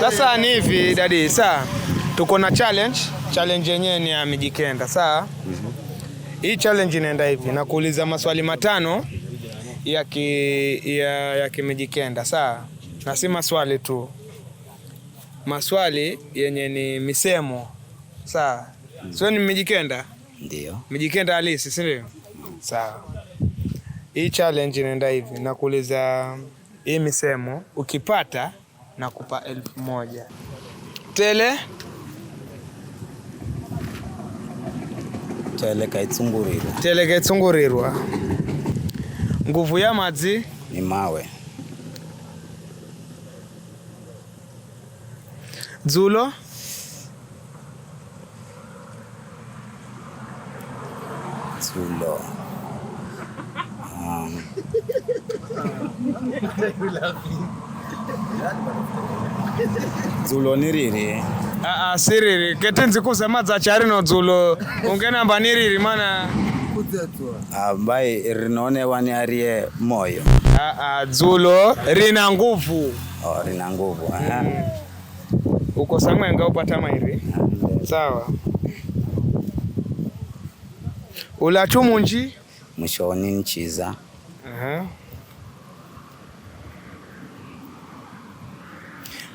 Sasa ni hivi dadi, saa tuko na challenge. Challenge yenyewe ni ya Mijikenda, saa hii challenge inaenda hivi, nakuuliza maswali matano ya ki, ya, ya kimijikenda saa, na si maswali tu, maswali yenye ni misemo saa. Sio ni Mijikenda? Ndio. Mijikenda halisi, si ndio? Sawa. Hii challenge inaenda hivi, nakuuliza hii misemo, ukipata nakupa elfu moja tele tele telekaitsungurirwa telekaitsungurirwa nguvu ya madzi ni mawe dzulo dzulo um. dzulo ni riri aa ah, ah, si riri keti nzikuze chari no dzulo ungenamba ni riri mana ambaye ah, rinonewa ariye moyo aa dzulo rina nguvu oh, rina nguvu mm. uko sang'wenga upata mairi sawa ulachu munji mwishoni nchiza uh -huh.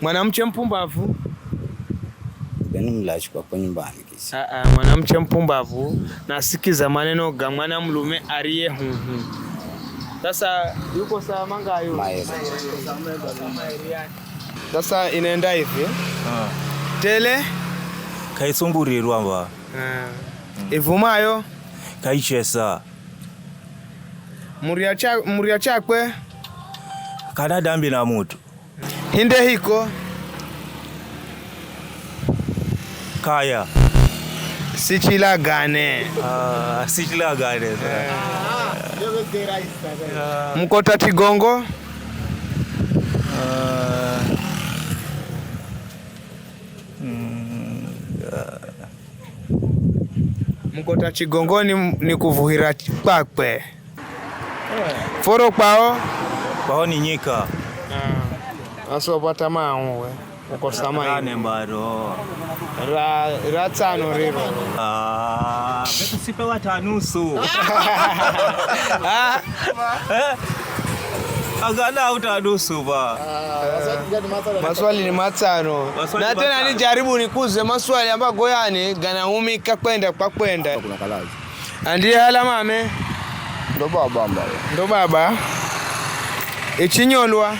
Mwanamche mpumbavu yaani ah, ah, mwanamke mpumbavu nasikiza maneno ga mwana mlume ariye huhu sasa yuko saa mangayo sasa inaenda hivi ah. tele kaitsumburirwa mba ah. ivumayo kaichesa muria chakwe kana dambi na mutu hiko kaya sichilagane ah, sichilagane eh. ah. mkota tigongo ah. mkota chigongo ni, ni kuvuhira kwakwe eh. foro kwao kwao ni nyika asopata nasoba tamawe ra ra ratsano riro vekusipewa ah, tanusu ah. eh, agana autanusu va maswali ni matsano na tena ni jaribu nikuze maswali amba goyani ganaumika kwenda kwa kwenda andiye hala mame ndo baba ndo baba ichinyolwa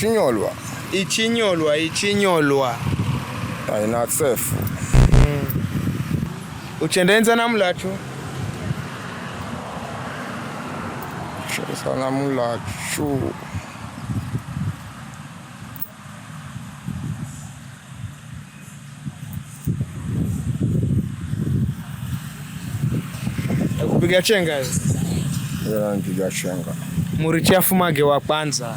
ichinyolwa ichinyolwa ichinyolwa aina sefu mm. uchendenza na namulacho chesa namulacho kupiga chenga hizi yeah, mpiga chenga murichafumage wa kwanza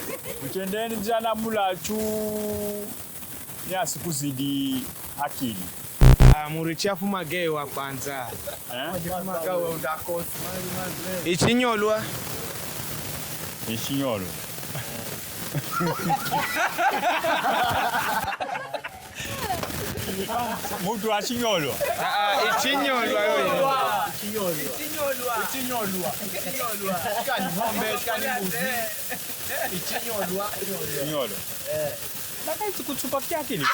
mchendeni jana mulachu ni kuzidi akili ah, murichafu magei wa kwanza eh? ichinyolwa ah, ah, ichinyolwa mutu achinyolwa ichinyolwa Ichinyolwa. Ichinyolwa. Ichinyolwa. Kani ng'ombe, kani mbuzi. Ichinyolwa. Ichinyolwa. Eh. Lakini sikutupatia akili.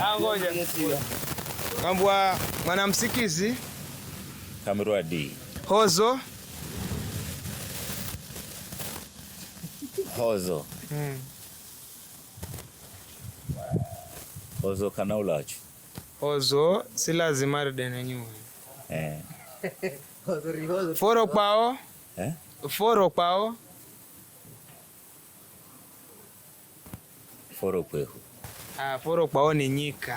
Ah, ngoja. Ngambwa mwanamsikizi. Kamrua D. Hozo. Hozo. Mm. Ozo kanawlacho ozo silazimari denenyuwe eh. foro kwao eh? foro kwao foro kwehu ah, foro kwao ni nyika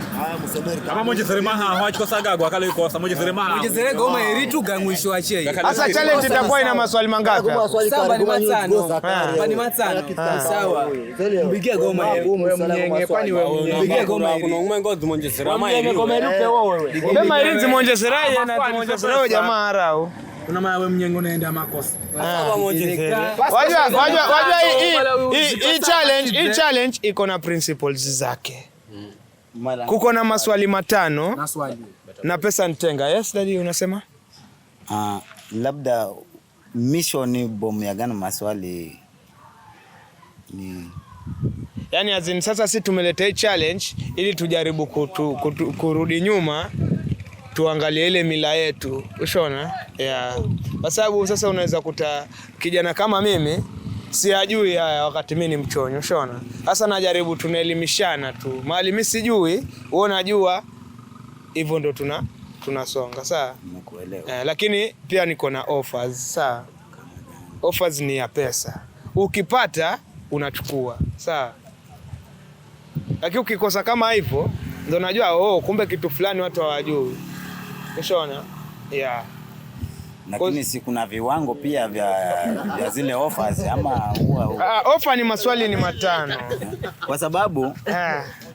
kama Mwenjeseremaha hawachikosaga kwa kale yuko Mwenjeseremaha Mwenjeserega uma eritu gangwisho wache hasa challenge itakuwa ina maswali mangapi saba ni matano pani matano sawa mbigia goma mnyenge pani wewe mbigia goma kuna uma ngozi Mwenjeseremaha ili goma erupe wewe bema ilinzi Mwenjeserega na Mwenjeserega jamaa harao kuna mawe mnyengo unaenda makosa. Wajua, wajua, wajua hii challenge, hii challenge iko na principles zake kuko na maswali matano na, na pesa ntenga. Yes, dadi unasema uh, labda mission bomu ya gana maswali ni yani azin sasa, si tumeleta hii challenge ili tujaribu kutu, kutu, kurudi nyuma tuangalie ile mila yetu, ushona yeah. Kwa sababu sasa unaweza kuta kijana kama mimi siyajui haya, wakati mimi ni mchonyo. Ushona sasa, najaribu tunaelimishana tu, mali mimi sijui, wewe unajua, hivyo ndo tuna tunasonga saa Eh, lakini pia niko na offers saa. Offers ni ya pesa, ukipata unachukua saa lakini ukikosa kama hivyo ndo najua oh, kumbe kitu fulani watu hawajui. Ushona yeah lakini si kuna viwango pia vya, vya zile offers ama huwa, huwa. Ah, ni maswali ni matano kwa sababu eh.